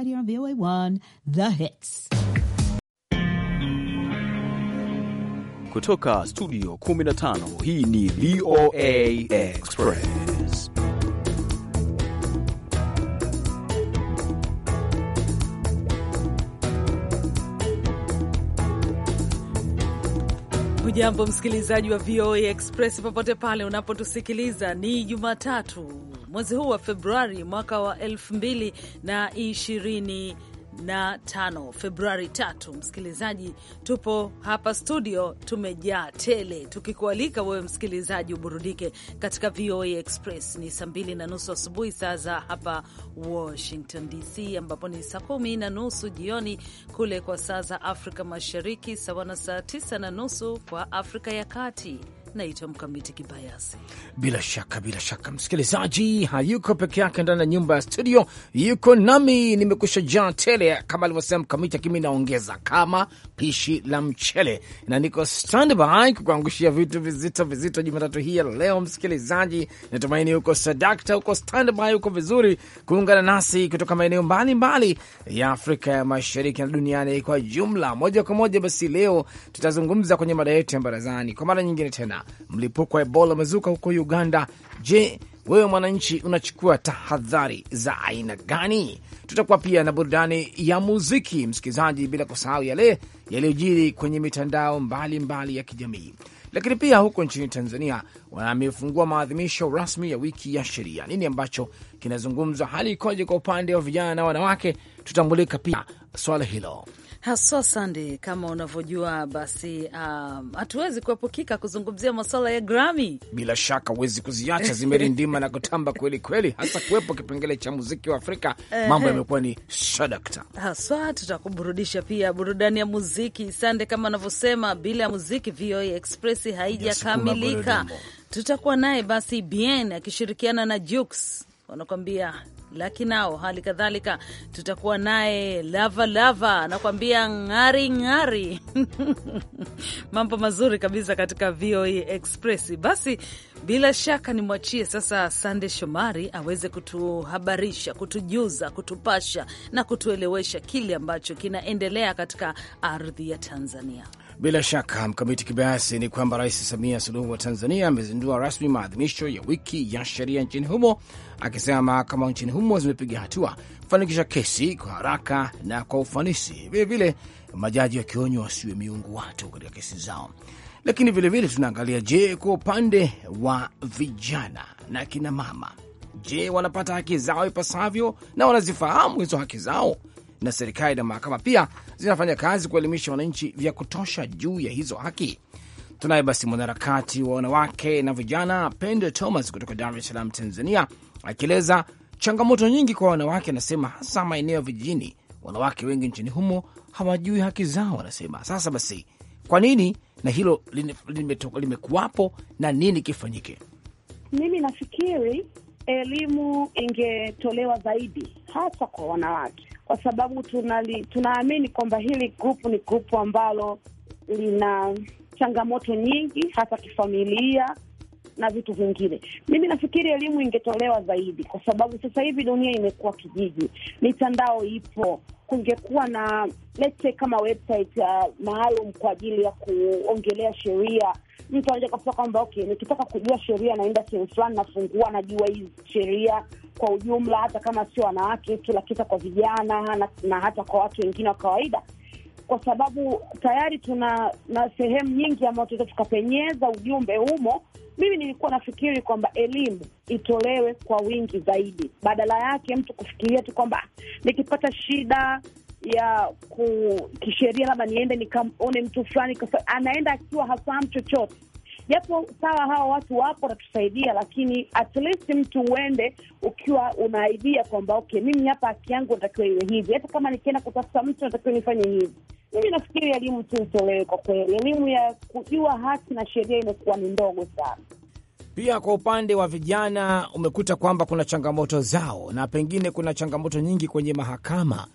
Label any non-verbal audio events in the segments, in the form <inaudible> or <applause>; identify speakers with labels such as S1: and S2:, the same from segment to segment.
S1: right here on VOA1 The Hits.
S2: Kutoka studio 15 hii ni VOA
S1: Express. Ujambo msikilizaji wa VOA Express popote pale unapotusikiliza, ni Jumatatu mwezi huu wa Februari mwaka wa 2020 na tano Februari tatu. Msikilizaji, tupo hapa studio tumejaa tele, tukikualika wewe msikilizaji uburudike katika VOA Express. Ni saa mbili na nusu asubuhi saa za hapa Washington DC, ambapo ni saa kumi na nusu jioni kule kwa saa za Afrika Mashariki, sawa na saa tisa na nusu kwa Afrika ya Kati naitwa Mkamiti Kibayasi.
S2: Bila shaka, bila shaka msikilizaji, hayuko peke yake ndani ya nyumba ya studio, yuko nami, nimekusha jaa tele kama alivyosema Mkamiti, akimi naongeza kama pishi la mchele, na niko standby kukuangushia vitu vizito vizito Jumatatu hii ya leo. Msikilizaji, natumaini huko sadakta, huko standby, huko vizuri kuungana nasi kutoka maeneo mbalimbali ya Afrika ya Mashariki na duniani kwa jumla. Moja kwa moja basi, leo tutazungumza kwenye mada yetu ya barazani kwa mara nyingine tena mlipuko wa Ebola umezuka huko Uganda. Je, wewe mwananchi unachukua tahadhari za aina gani? Tutakuwa pia na burudani ya muziki, msikilizaji, bila kusahau yale yaliyojiri kwenye mitandao mbalimbali mbali ya kijamii. Lakini pia huko nchini Tanzania wamefungua maadhimisho rasmi ya wiki ya sheria. Nini ambacho kinazungumzwa? Hali ikoje kwa upande wa vijana na wanawake? Tutamulika pia swala hilo
S1: haswa sande. Kama unavyojua basi, um, hatuwezi kuepukika kuzungumzia masuala ya Grammy.
S2: Bila shaka huwezi kuziacha, zimerindima na kutamba kweli kweli, hasa kuwepo kipengele cha muziki wa Afrika. Mambo yamekuwa ni shadakta
S1: haswa. Tutakuburudisha pia burudani ya muziki sande, kama anavyosema, bila ya muziki VOA Express haijakamilika. tutakuwa naye basi Bien akishirikiana na Jux wanakuambia laki nao. Hali kadhalika tutakuwa naye lava lava anakuambia ng'ari ng'ari. <laughs> Mambo mazuri kabisa katika VOA e Express. Basi bila shaka nimwachie sasa Sande Shomari aweze kutuhabarisha, kutujuza, kutupasha na kutuelewesha kile ambacho kinaendelea katika ardhi ya Tanzania.
S2: Bila shaka mkamiti kibayasi ni kwamba Rais Samia Suluhu wa Tanzania amezindua rasmi maadhimisho ya wiki ya sheria nchini humo, akisema mahakama nchini humo zimepiga hatua kufanikisha kesi kwa haraka na kwa ufanisi, vilevile majaji wakionywa wasiwe miungu watu katika kesi zao. Lakini vilevile tunaangalia, je, kwa upande wa vijana na kinamama, je, wanapata haki zao ipasavyo na wanazifahamu hizo haki zao? na serikali na mahakama pia zinafanya kazi kuelimisha wananchi vya kutosha juu ya hizo haki. Tunaye basi mwanaharakati wa wanawake na vijana Pendo Thomas kutoka Dar es Salaam, Tanzania, akieleza changamoto nyingi kwa wanawake. Anasema hasa maeneo ya vijijini, wanawake wengi nchini humo hawajui haki zao. Anasema sasa basi, kwa nini na hilo limekuwapo na nini kifanyike?
S3: Mimi nafikiri elimu ingetolewa zaidi, hasa kwa wanawake, kwa sababu tunali, tunaamini kwamba hili grupu ni grupu ambalo lina changamoto nyingi, hasa kifamilia na vitu vingine. Mimi nafikiri elimu ingetolewa zaidi, kwa sababu sasa hivi dunia imekuwa kijiji, mitandao ipo kungekuwa na let's say kama website uh, maalum kwa ajili ya kuongelea sheria, mtu anaweza kusema kwamba okay, nikitaka kujua sheria naenda sehemu fulani, nafungua, najua hii sheria kwa ujumla, hata kama sio wanawake, kila kitu kwa vijana na, na hata kwa watu wengine wa kawaida, kwa sababu tayari tuna na sehemu nyingi ambayo tunaweza tukapenyeza ujumbe humo mimi nilikuwa nafikiri kwamba elimu itolewe kwa wingi zaidi, badala yake mtu kufikiria tu kwamba nikipata shida ya kisheria labda niende nikaone mtu fulani, anaenda akiwa hafahamu chochote. Japo sawa, hawa watu wapo watatusaidia, lakini at least mtu uende ukiwa una idea kwamba okay, mimi hapa haki yangu natakiwa iwe hivi, hata kama nikienda kutafuta mtu natakiwa nifanye hivi. Mimi nafikiri elimu tu itolewe kwa kweli, elimu ya kujua haki na sheria imekuwa ni ndogo sana.
S2: Pia kwa upande wa vijana umekuta kwamba kuna changamoto zao na pengine kuna changamoto nyingi kwenye mahakama.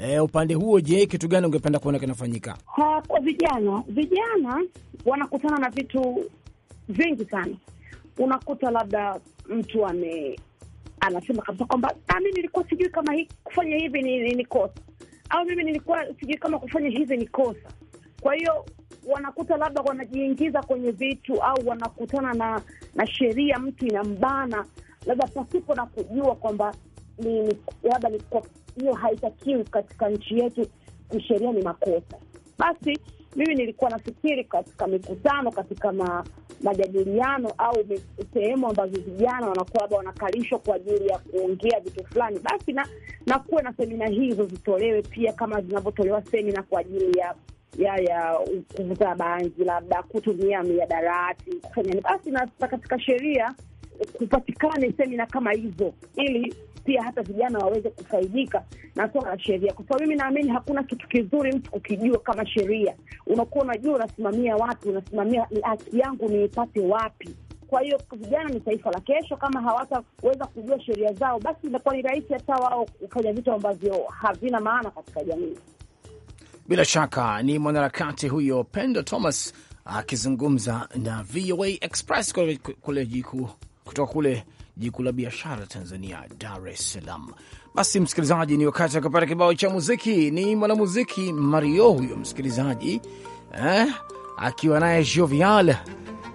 S2: E, upande huo, je, kitu gani ungependa kuona kinafanyika
S3: kwa vijana? Vijana wanakutana na vitu vingi sana. Unakuta labda mtu ame anasema kabisa kwamba ah, mi nilikuwa sijui kama hii, kufanya hivi ni, ni, ni kosa au mimi nilikuwa sijui kama kufanya hivi ni kosa. Kwa hiyo wanakuta labda wanajiingiza kwenye vitu au wanakutana na na sheria, mtu inambana labda pasipo na kujua kwamba ni labda hiyo haitakiwi katika nchi yetu kisheria, ni makosa basi mimi nilikuwa nafikiri katika mikutano, katika ma, majadiliano au sehemu ambazo vijana wanakuwa labda wanakalishwa kwa ajili ya kuongea vitu fulani, basi na nakuwe na semina hizo zitolewe pia kama zinavyotolewa semina kwa ajili ya ya ya kuvuta bangi, labda kutumia miadarati, kufanya basi, na katika sheria kupatikane semina kama hizo, ili pia hata vijana waweze kufaidika na swala la sheria, kwa sababu mimi naamini hakuna kitu kizuri mtu kukijua kama sheria. Unakuwa unajua unasimamia watu, unasimamia haki yangu niipate wapi. Kwa hiyo vijana ni taifa la kesho. Kama hawataweza kujua sheria zao, basi itakuwa ni rahisi hata wao kufanya vitu ambavyo havina maana katika jamii.
S2: Bila shaka ni mwanaharakati huyo Pendo Thomas akizungumza na VOA Express kule jikuu kutoka kule jiji la biashara Tanzania, Dar es Salaam. Basi msikilizaji, ni wakati wa kupata kibao cha muziki. Ni mwanamuziki Mario huyo msikilizaji, eh, akiwa naye Jovial.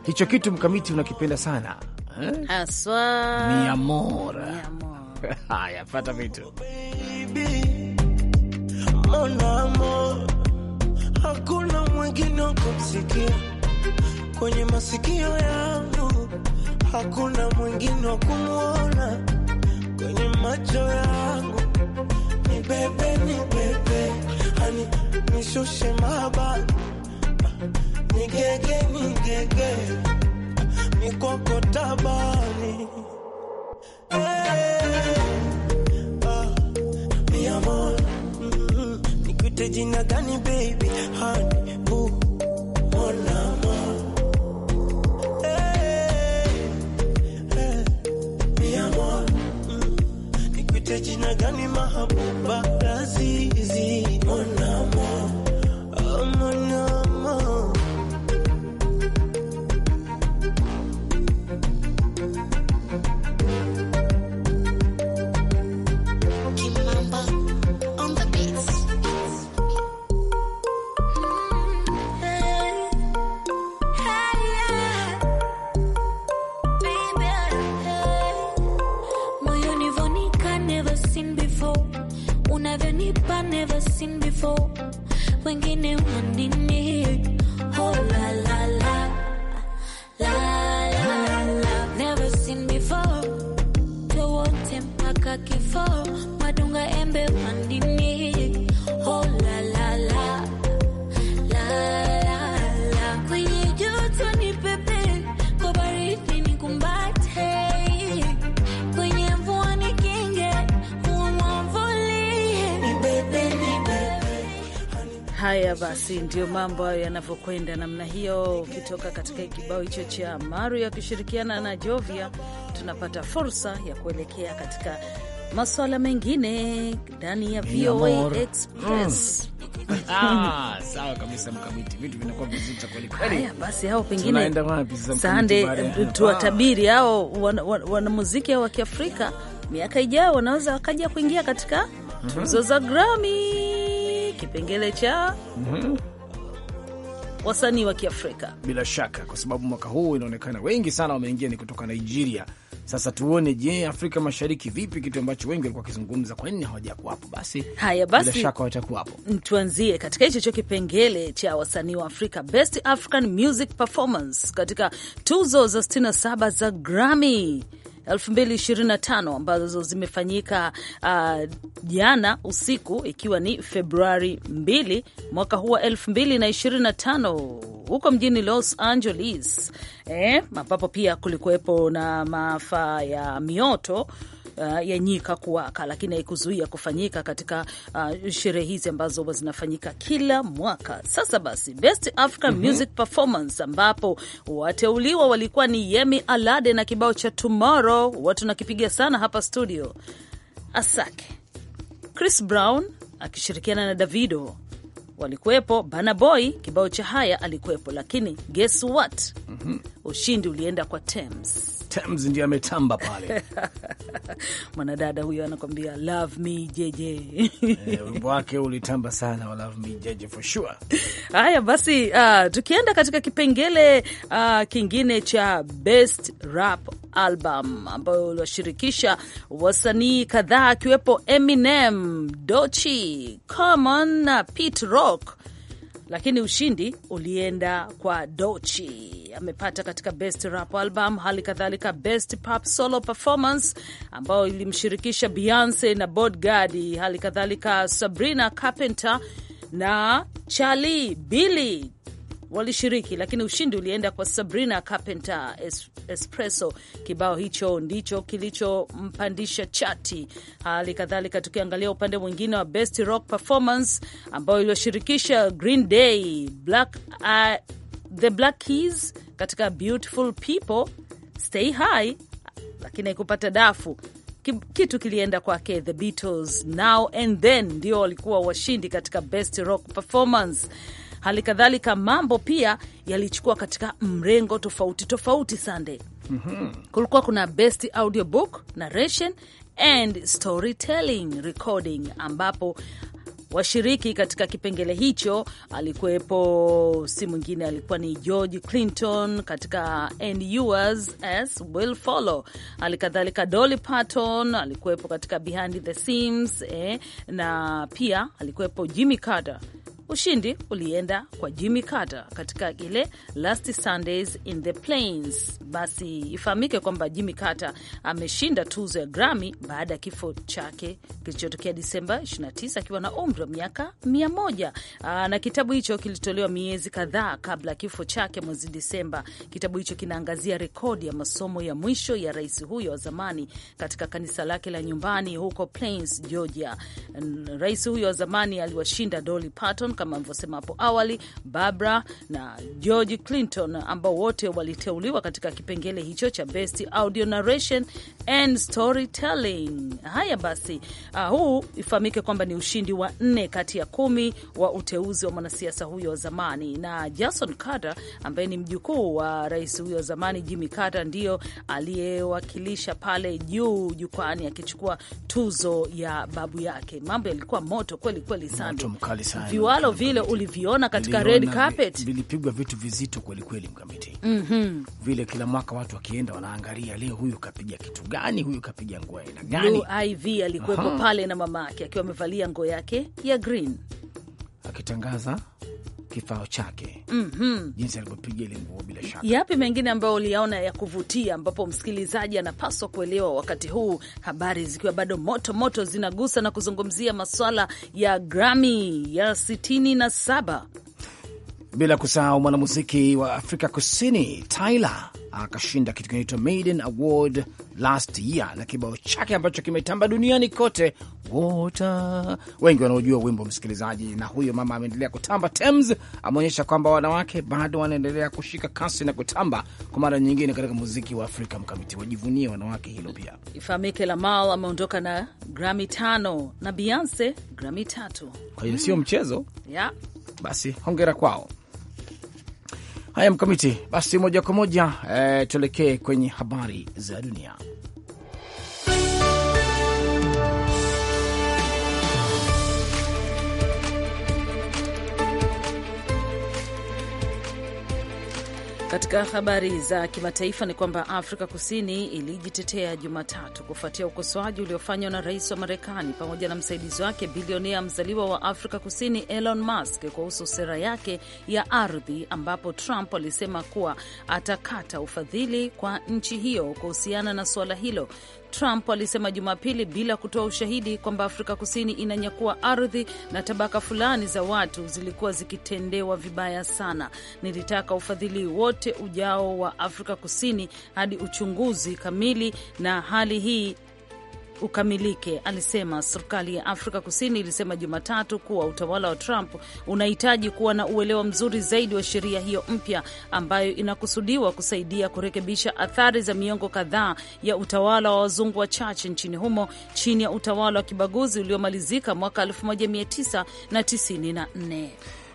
S2: Hicho kitu mkamiti unakipenda sana
S1: eh? Aswa
S2: mi amor <laughs> haya, pata vitu
S4: hakuna mwingine kumsikia kwenye masikio yangu hakuna mwingine wa kumwona kwenye macho yangu, ni bebe, ni bebe, ani nishushe mabaki, ni gege, ni gege, eh, ah, ni kwako tabani mm-hmm. jina gani baby hani jina gani mahabuba razizi
S1: basi ndio mambo hayo yanavyokwenda namna hiyo. Ukitoka katika kibao hicho cha Mario akishirikiana na Jovia, tunapata fursa ya kuelekea katika maswala mengine ndani ya VOA Express. Mm. <laughs>
S2: Ah, sawa kabisa mkamiti, vitu vinakuwa vizito kweli kweli. Haya basi, hao pengine
S1: sande eh, tuwatabiri hao wanamuziki ao wa Kiafrika miaka ijayo wanaweza wakaja kuingia katika mhm. tuzo za Grammy kipengele cha
S2: mm
S4: -hmm
S1: wasanii wa
S2: Kiafrika bila shaka, kwa sababu mwaka huu inaonekana wengi sana wameingia ni kutoka Nigeria. Sasa tuone, je, Afrika Mashariki vipi, kitu ambacho wengi walikuwa wakizungumza, kwa nini hawajakuwapo? Basi
S1: haya, basi bila shaka watakuwapo. Tuanzie katika hicho cho kipengele cha wasanii wa Afrika, Best African Music Performance katika tuzo za 67 za Grammy 2025 ambazo zimefanyika uh, jana uh, usiku ikiwa ni Februari 2 mwaka huu wa 2025 huko mjini Los Angeles eh, ambapo pia kulikuwepo na maafa ya mioto uh, ya nyika kuwaka, lakini haikuzuia kufanyika katika uh, sherehe hizi ambazo huwa zinafanyika kila mwaka. Sasa basi, Best African mm -hmm. Music Performance, ambapo wateuliwa walikuwa ni Yemi Alade na kibao cha Tomorrow, watu nakipiga sana hapa studio. Asake Chris Brown akishirikiana na Davido walikuwepo, Burna Boy kibao cha haya alikuwepo, lakini guess what? mm -hmm. Ushindi ulienda kwa Tems.
S2: Tems ndiye ametamba pale
S1: <laughs> mwanadada huyo anakwambia love me jeje. Eh, wimbo wake ulitamba sana wa love me jeje for sure. Haya basi, uh, tukienda katika kipengele uh, kingine cha best rap album ambayo uliwashirikisha wasanii kadhaa akiwepo Eminem, Dochi, Common na Pete Rock York, lakini ushindi ulienda kwa Dochi, amepata katika best rap album, hali kadhalika best pop solo performance ambayo ilimshirikisha Beyonce na Bodyguard, hali kadhalika Sabrina Carpenter na Charlie Billy walishiriki, lakini ushindi ulienda kwa Sabrina Carpenter Espresso. Kibao hicho ndicho kilichompandisha chati. Hali kadhalika, tukiangalia upande mwingine wa best rock performance ambayo iliyoshirikisha Green Day, Black, uh, The Black Keys katika Beautiful People, Stay High, lakini haikupata dafu kitu kilienda kwake The Beatles, Now and Then ndio walikuwa washindi katika best rock performance. Hali kadhalika mambo pia yalichukua katika mrengo tofauti tofauti. Sunday mm -hmm. kulikuwa kuna best audiobook narration and storytelling recording ambapo washiriki katika kipengele hicho alikuwepo, si mwingine alikuwa ni George Clinton katika And Yours As Will Follow. Hali kadhalika Dolly Parton alikuwepo katika Behind the Scenes, eh, na pia alikuwepo Jimmy Carter Ushindi ulienda kwa Jimmy Carter katika ile Last Sundays in the Plains. Basi ifahamike kwamba Jimmy Carter ameshinda tuzo ya Grammy baada ya kifo chake kilichotokea Disemba 29 akiwa na umri wa miaka 100. Ah, na kitabu hicho kilitolewa miezi kadhaa kabla ya kifo chake mwezi Disemba. Kitabu hicho kinaangazia rekodi ya masomo ya mwisho ya rais huyo wa zamani katika kanisa lake la nyumbani huko Plains, Georgia. Rais huyo wa zamani aliwashinda Dolly Parton kama alivyosema hapo awali, Barbara na George Clinton ambao wote waliteuliwa katika kipengele hicho cha Best Audio Narration and Storytelling. Haya basi, uh, huu ifahamike kwamba ni ushindi wa nne kati ya kumi wa uteuzi wa mwanasiasa huyo wa zamani, na Jason Carter ambaye ni mjukuu wa rais huyo wa zamani Jimmy Carter ndiyo aliyewakilisha pale juu jukwani akichukua tuzo ya babu yake. Mambo yalikuwa moto kweli kweli sana, viwalo vitendo vile uliviona katika red carpet,
S2: vilipigwa vitu vizito kwelikweli mkamiti.
S1: mm -hmm.
S2: Vile kila mwaka watu wakienda wanaangalia, leo huyu kapiga kitu gani, huyu kapiga nguo aina gani. Iv alikuwepo pale
S1: na mama yake akiwa amevalia nguo yake ya green
S2: akitangaza kifao chake
S1: mm -hmm.
S2: jinsi alivyopiga ile nguo. Bila shaka,
S1: yapi mengine ambayo uliyaona ya kuvutia, ambapo msikilizaji anapaswa kuelewa wakati huu, habari zikiwa bado moto moto, zinagusa na kuzungumzia maswala ya Grammy ya 67
S2: bila kusahau mwanamuziki wa Afrika Kusini Tyler akashinda kitu kinaitwa Maiden Award last year na kibao chake ambacho kimetamba duniani kote, water. Wengi wanaojua wimbo msikilizaji, na huyo mama ameendelea kutamba. Tems ameonyesha kwamba wanawake bado wanaendelea kushika kasi na kutamba kwa mara nyingine katika muziki wa Afrika. Mkamiti, wajivunie wanawake hilo.
S1: Pia ifahamike, Lamal ameondoka na grami tano na Beyonce grami tatu, kwa hiyo sio mm. mchezo yeah.
S2: Basi hongera kwao. Haya, Mkamiti, basi moja kwa moja eh, tuelekee kwenye habari za dunia.
S1: Katika habari za kimataifa ni kwamba Afrika Kusini ilijitetea Jumatatu kufuatia ukosoaji uliofanywa na rais wa Marekani pamoja na msaidizi wake bilionea mzaliwa wa Afrika Kusini Elon Musk kuhusu sera yake ya ardhi, ambapo Trump alisema kuwa atakata ufadhili kwa nchi hiyo kuhusiana na suala hilo. Trump alisema Jumapili bila kutoa ushahidi kwamba Afrika Kusini inanyakua ardhi na tabaka fulani za watu zilikuwa zikitendewa vibaya sana. Nilitaka ufadhili wote ujao wa Afrika Kusini hadi uchunguzi kamili na hali hii ukamilike, alisema. Serikali ya Afrika Kusini ilisema Jumatatu kuwa utawala wa Trump unahitaji kuwa na uelewa mzuri zaidi wa sheria hiyo mpya ambayo inakusudiwa kusaidia kurekebisha athari za miongo kadhaa ya utawala wa wazungu wachache nchini humo chini ya utawala wa kibaguzi uliomalizika mwaka 1994.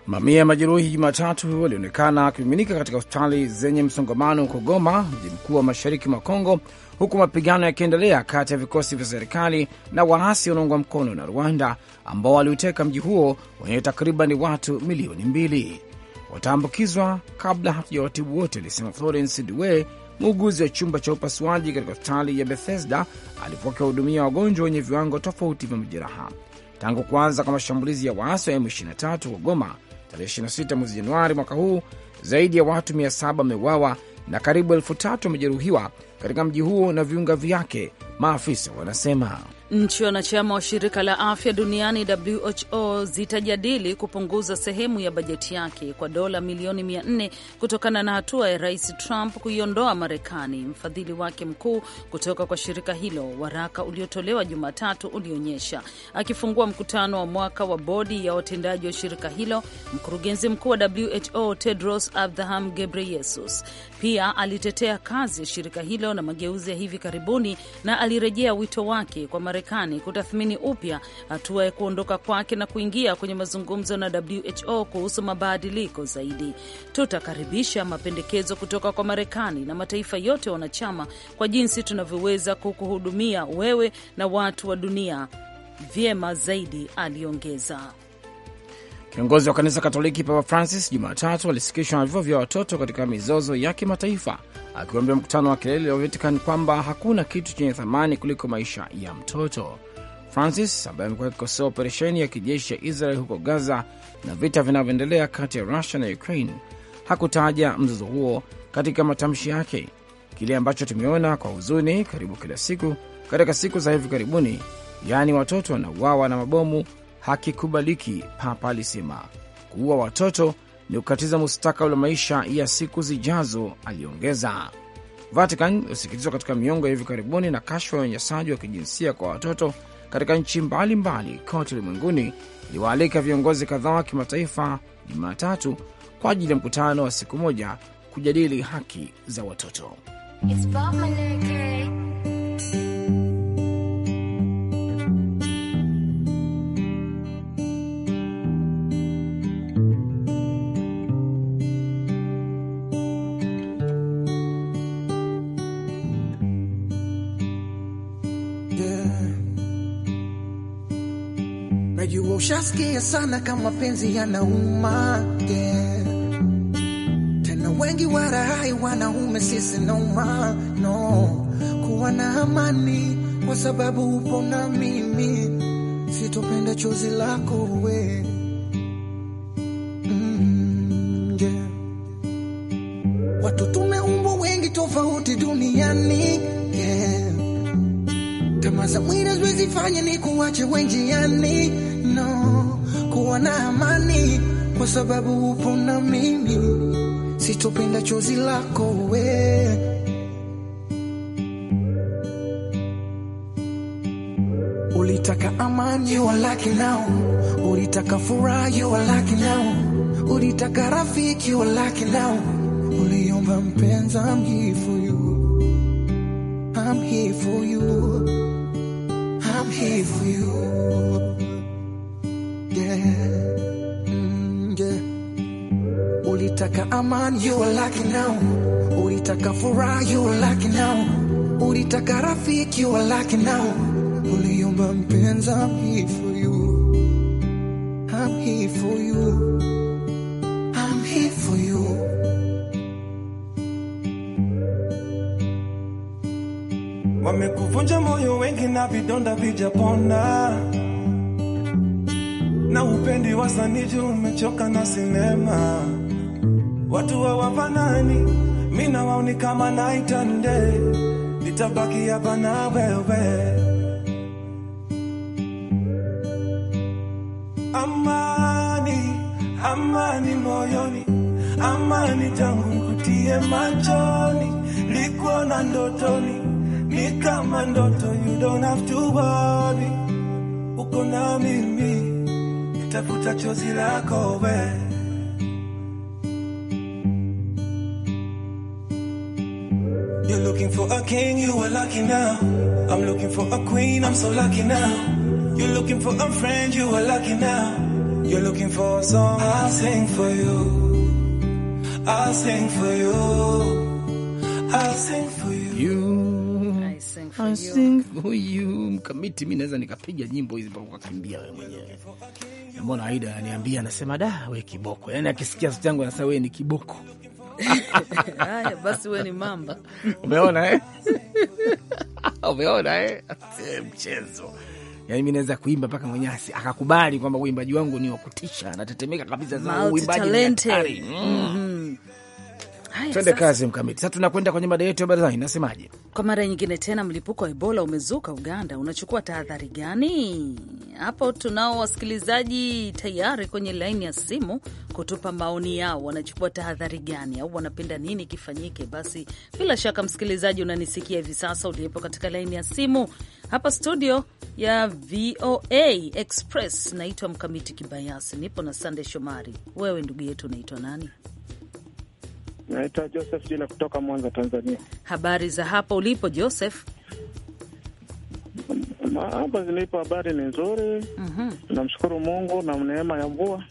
S2: Mamia ya majeruhi Jumatatu walionekana wakimiminika katika hospitali zenye msongamano huko Goma, mji mkuu wa mashariki mwa Kongo huku mapigano yakiendelea kati ya vikosi vya serikali na waasi wanaungwa mkono na Rwanda ambao waliuteka mji huo wenye takriban watu milioni mbili wataambukizwa kabla hatujawatibu wote, alisema Florence Dwe, muuguzi wa chumba cha upasuaji katika hospitali ya Bethesda alipokuwa akiwahudumia wagonjwa wenye viwango tofauti vya majeraha tangu kuanza kwa mashambulizi ya waasi wa M23 wa Goma tarehe 26 mwezi Januari mwaka huu. Zaidi ya watu 700 wameuawa na karibu elfu tatu wamejeruhiwa katika mji huo na viunga vyake, maafisa wanasema.
S1: Nchi wanachama wa shirika la afya duniani WHO zitajadili kupunguza sehemu ya bajeti yake kwa dola milioni 400 kutokana na hatua ya rais Trump kuiondoa Marekani mfadhili wake mkuu kutoka kwa shirika hilo. Waraka uliotolewa Jumatatu ulionyesha. Akifungua mkutano wa mwaka wa bodi ya watendaji wa shirika hilo, mkurugenzi mkuu wa WHO Tedros Adhanom Ghebreyesus pia alitetea kazi ya shirika hilo na mageuzi ya hivi karibuni, na alirejea wito wake kwa Marekani kutathmini upya hatua ya kuondoka kwake na kuingia kwenye mazungumzo na WHO kuhusu mabadiliko zaidi. Tutakaribisha mapendekezo kutoka kwa Marekani na mataifa yote wanachama kwa jinsi tunavyoweza kukuhudumia wewe na watu wa dunia vyema zaidi, aliongeza.
S2: Kiongozi wa kanisa Katoliki Papa Francis Jumatatu alisikishwa na vifo vya watoto katika mizozo ya kimataifa, akiwaambia mkutano wa kilele wa Vatican kwamba hakuna kitu chenye thamani kuliko maisha ya mtoto. Francis ambaye amekuwa akikosoa operesheni ya kijeshi ya Israel huko Gaza na vita vinavyoendelea kati ya Rusia na Ukraine hakutaja mzozo huo katika matamshi yake. Kile ambacho tumeona kwa huzuni karibu kila siku katika siku za hivi karibuni, yaani watoto wanauawa na mabomu hakikubaliki, Papa alisema. Kuua watoto ni kukatiza mustakabali wa maisha ya siku zijazo, aliongeza. Vatican ilisikitizwa katika miongo ya hivi karibuni na kashfa ya unyanyasaji wa kijinsia kwa watoto katika nchi mbalimbali kote ulimwenguni. Iliwaalika viongozi kadhaa wa kimataifa Jumatatu kwa ajili ya mkutano wa siku moja kujadili haki za watoto.
S5: It's
S6: nasikia sana kama penzi yanauma, yeah. Tena wengi warahai wanaume sisi nauma no, kuwa na amani kwa sababu upo na mimi, sitopenda chozi lako we mm, yeah. Watu tumeumbwa wengi tofauti duniani yeah. Tamaa za mwili haziwezi ni kuwache wenjiani maneno, kuwa na amani, kwa sababu upo na mimi, sitopenda chozi lako we Ulitaka amani, you are lucky now. Ulitaka furaha, you are lucky now. Ulitaka rafiki, you are lucky now. Uliomba mpenza, I'm here for you. I'm here for you. I'm here for you. amani, you are lucky now. Ulitaka furaha, you are lucky now. Ulitaka rafiki, you are lucky now. Uliomba mpenzi, I'm here for you. I'm here for you. I'm here for you.
S4: Wamekuvunja moyo wengi na vidonda vijapona, na upendi wasanii juu umechoka na sinema watu wafanani mi ni kama night and day, nitabaki hapa na wewe amani, amani moyoni, amani tangu kutie machoni, likuona ndotoni, ni kama ndoto, you don't have to worry, uko na mimi, nitafuta chozi lako wewe for a king, you are lucky now. I'm looking for a queen, I'm so lucky now. You're looking for a friend, you are lucky now. You're looking for a song, I'll sing for you. I'll sing for
S2: you. I'll sing for you. you. sing <laughs> for you. Mkamiti, mi naweza nikapiga nyimbo hizi mpaka ukakimbia wewe mwenyewe. Mbona Aida ananiambia, anasema da, we kiboko. Yaani akisikia sauti yangu anasema we ni kiboko.
S1: Haya basi, we ni mamba. Umeona eh? <laughs> Umeona eh? eh mchezo
S2: yani mi naweza kuimba mpaka Mwenyasi akakubali kwamba uimbaji wangu ni wa kutisha, anatetemeka kabisa, uimbaji Twende kazi mkamiti. Sasa tunakwenda kwenye mada yetu ya barazani, nasemaje?
S1: Kwa mara nyingine tena, mlipuko wa Ebola umezuka Uganda, unachukua tahadhari gani? Hapo tunao wasikilizaji tayari kwenye laini ya simu kutupa maoni yao, wanachukua tahadhari gani au wanapenda nini kifanyike? Basi bila shaka, msikilizaji, unanisikia hivi sasa uliyepo katika laini ya simu hapa studio ya VOA Express. Naitwa Mkamiti Kibayasi, nipo na Sande Shomari. Wewe ndugu yetu unaitwa nani?
S7: Naitwa Joseph Jila kutoka Mwanza, Tanzania.
S1: Habari za hapa ulipo Joseph?
S7: Hapa zilipo habari ni nzuri. mm -hmm. Mungu na neema ya mvua.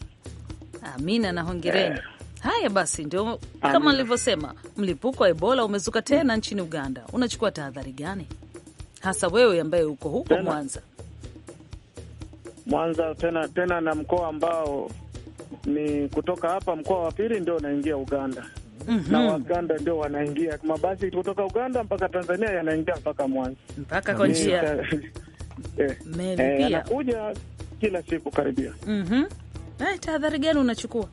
S1: Amina na hongereni. Eh. Haya basi, ndio kama nilivyosema, mlipuko wa Ebola umezuka tena nchini Uganda. Unachukua tahadhari gani hasa wewe ambaye uko huko tena, Mwanza?
S7: Mwanza tena tena na mkoa ambao ni kutoka hapa mkoa wa pili ndio unaingia Uganda mm -hmm. na Waganda ndio wanaingia mabasi kutoka Uganda mpaka Tanzania yanaingia mpaka Mwanza mpaka kwa njia <laughs> eh. Eh, kila siku karibia. mm
S1: -hmm. Eh, tahadhari gani unachukua?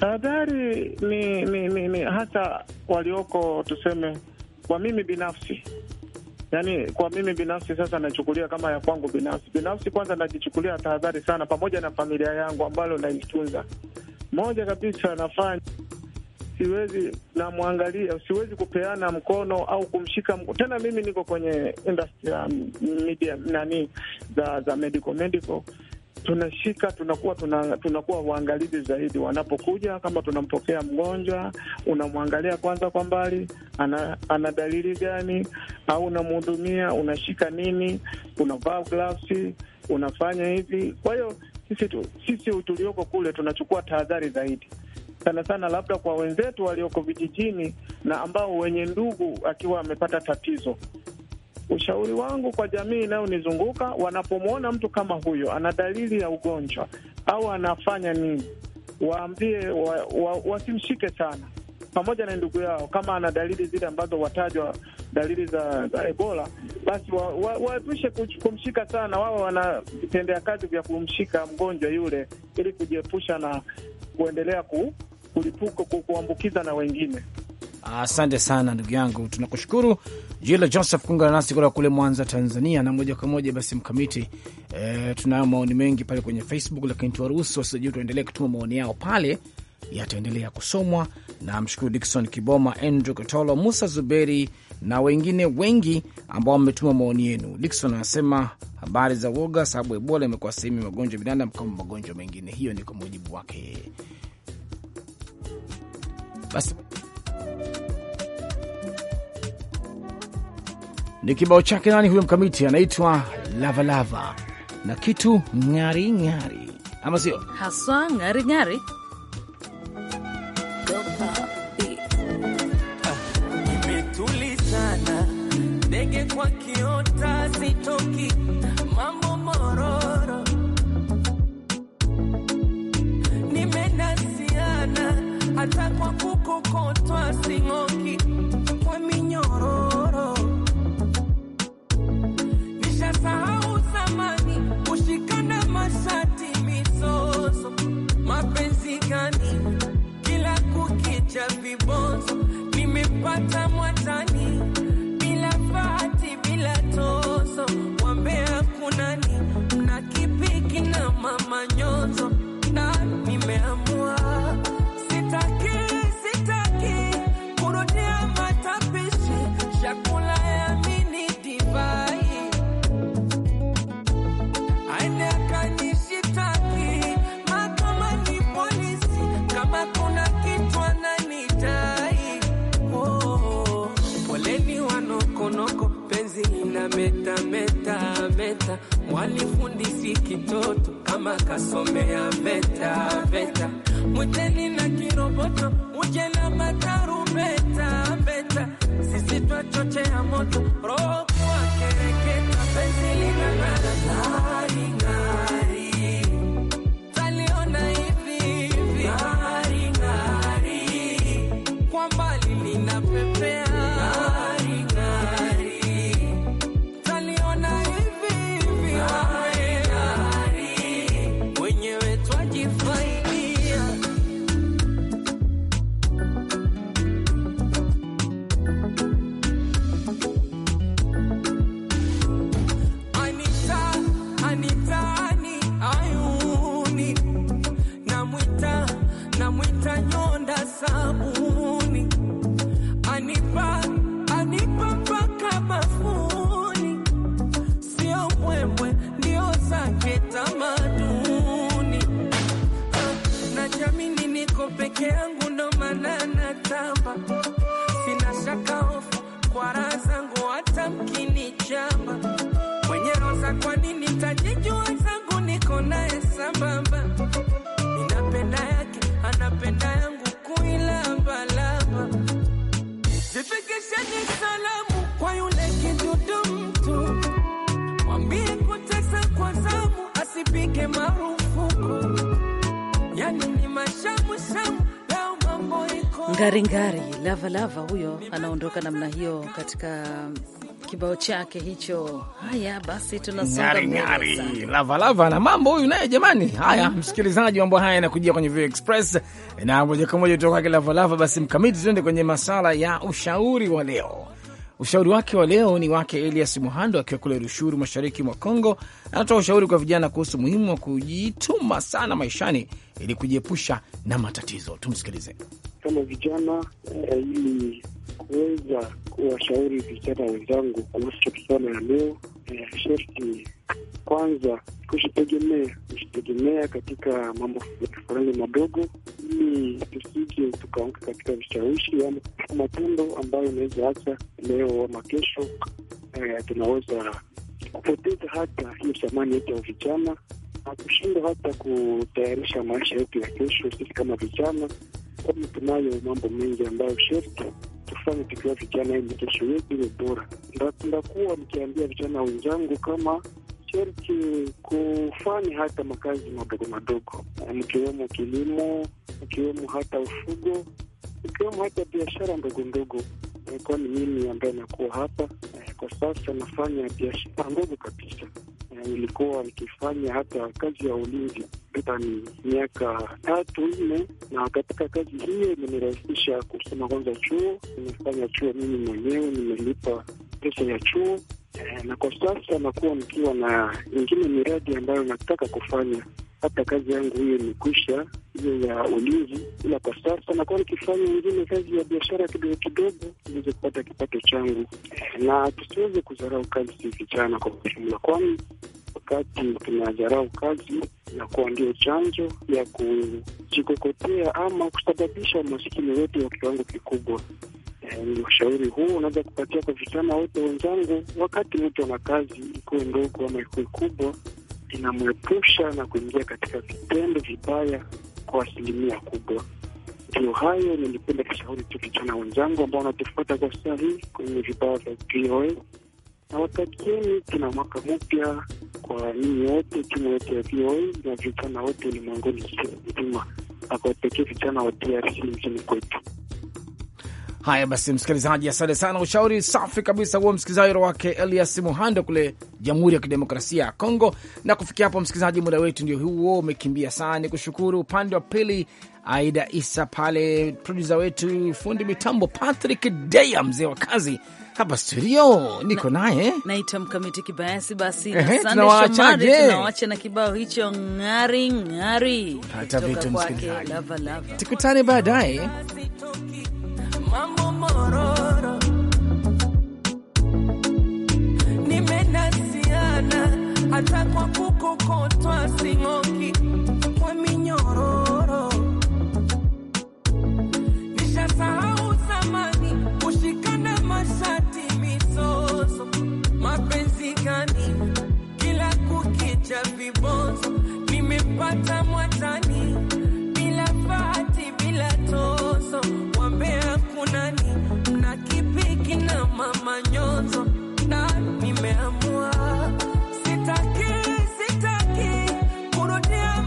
S7: Tahadhari ni, ni, ni, ni hasa walioko tuseme, kwa mimi binafsi Yani, kwa mimi binafsi sasa nachukulia kama ya kwangu binafsi binafsi, kwanza najichukulia tahadhari sana, pamoja na familia yangu ambalo naitunza. Moja kabisa nafanya siwezi namwangalia, siwezi kupeana mkono au kumshika mkono tena. Mimi niko kwenye industry ya media nani za za medical medical tunashika tunakuwa tuna, tunakuwa waangalizi zaidi wanapokuja. Kama tunampokea mgonjwa, unamwangalia kwanza kwa mbali, ana, ana dalili gani, au unamhudumia, unashika nini, unavaa gloves, unafanya hivi. Kwa hiyo sisi tu, sisi tulioko kule tunachukua tahadhari zaidi sana sana labda kwa wenzetu walioko vijijini na ambao wenye ndugu akiwa amepata tatizo. Ushauri wangu kwa jamii inayonizunguka, wanapomwona mtu kama huyo ana dalili ya ugonjwa au anafanya nini, waambie wa, wa, wasimshike sana, pamoja na ndugu yao. Kama ana dalili zile ambazo watajwa dalili za, za Ebola, basi waepushe wa, wa kumshika sana, wawe wana vitendea kazi vya kumshika mgonjwa yule, ili kujiepusha na kuendelea kulipuka kwa kuambukiza na wengine.
S2: Asante sana ndugu yangu, tunakushukuru Jila Joseph kuungana nasi kutoka kule Mwanza, Tanzania. Na moja kwa moja basi mkamiti, e, tunayo maoni mengi pale kwenye Facebook, lakini tuwaruhusu wasiojiutu waendelee kutuma maoni yao pale, yataendelea kusomwa na mshukuru Dikson Kiboma, Andrew Katolo, Musa Zuberi na wengine wengi ambao wametuma maoni yenu. Dikson anasema habari za woga, sababu Ebola imekuwa sehemu ya magonjwa ya binadamu kama magonjwa mengine. Hiyo ni kwa mujibu wake yeye. Basi ni kibao chake nani huyo mkamiti anaitwa Lavalava na kitu ng'ari ng'ari,
S1: ama sio haswa ng'ari ng'ari.
S5: Imetuli sana ndege kwa kiota sitoki uko singoki lava
S1: Lavalava huyo anaondoka namna hiyo katika kibao chake hicho. Haya basi, tunasonga ngari
S2: Lavalava na mambo huyu naye jamani. Haya mm-hmm. msikilizaji, mambo haya yanakujia kwenye View Express na moja kwa moja kutoka kwake Lavalava. Basi mkamiti, tuende kwenye masala ya ushauri wa leo. Ushauri wake wa leo ni wake Elias Muhando akiwa kule Rushuru, mashariki mwa Kongo. Anatoa ushauri kwa vijana kuhusu muhimu wa kujituma sana maishani ili kujiepusha na matatizo. Tumsikilize.
S8: Kama vijana eh, ili kuweza kuwashauri vijana wenzangu kuhusu tukifana ya leo eh, sharti kwanza kujitegemea, kujitegemea katika mambo fulani madogo, ili tusije tukaanguka katika vishawishi, yaani matendo ambayo inaweza acha leo ama kesho. Eh, tunaweza kupoteza hata hiyo thamani yetu ya vijana na kushindwa hata kutayarisha maisha yetu ya kesho, sisi kama vijana, kwani tunayo mambo mengi ambayo sharti tufanye tukiwa vijana, ili kesho yetu iwe bora. Ndakuwa mkiambia vijana wenzangu kama sharti kufanya hata makazi madogo madogo, mkiwemo kilimo, mkiwemo hata ufugo, mkiwemo hata biashara ndogo ndogo. Eh, kwani mimi ambaye nakuwa hapa eh, kwa sasa nafanya biashara ndogo kabisa. Eh, nilikuwa nikifanya hata kazi ya ulinzi ni miaka tatu nne, na katika kazi hiyo imenirahisisha kusoma kwanza chuo. Nimefanya chuo mimi mwenyewe, nimelipa pesa ya chuo Eh, na kwa sasa nakuwa nikiwa na ingine miradi ambayo nataka kufanya hata kazi yangu hiyo imekwisha, hiyo ya ulinzi, ila kwa sasa nakuwa nikifanya ingine kazi ya biashara kidogo kidogo, niweze kupata kipato changu. Eh, na tusiweze kudharau kazi, si vijana kwa ujumla, kwani wakati tunadharau kazi inakuwa ndio chanzo ya kujikokotea ama kusababisha umasikini wetu wa kiwango kikubwa. Ushauri huu unaweza kupatia kwa vijana wote wenzangu, wakati mtu ana kazi ikuwe ndogo ama ikuwe kubwa, inamwepusha na kuingia katika vitendo vibaya kwa asilimia kubwa. Ndio hayo nilipenda kushauri tu vijana wenzangu ambao wanatufuata kwa saa hii kwenye vibao vya VOA, na watakieni, tuna mwaka mpya kwa nini wote, timu yote ya VOA na vijana wote ulimwenguni nzima, na kwa pekee vijana wa DRC nchini kwetu.
S2: Haya basi, msikilizaji, asante sana, ushauri safi kabisa huo msikilizaji wake Elias Muhando kule Jamhuri ya Kidemokrasia ya Kongo. Na kufikia hapo, msikilizaji, muda wetu ndio huo umekimbia sana. Ni kushukuru upande wa pili Aida Isa pale, produsa wetu, fundi mitambo Patrick Deya, mzee wa kazi hapa studio niko naye naitwa
S1: Mkamiti Kibayasi. Basi tunawaacha na kibao hicho ng'ari ng'ari, hata vitu msikilizaji,
S2: tukutane baadaye.
S5: Nimenasiana hata kwa kukokotwa singo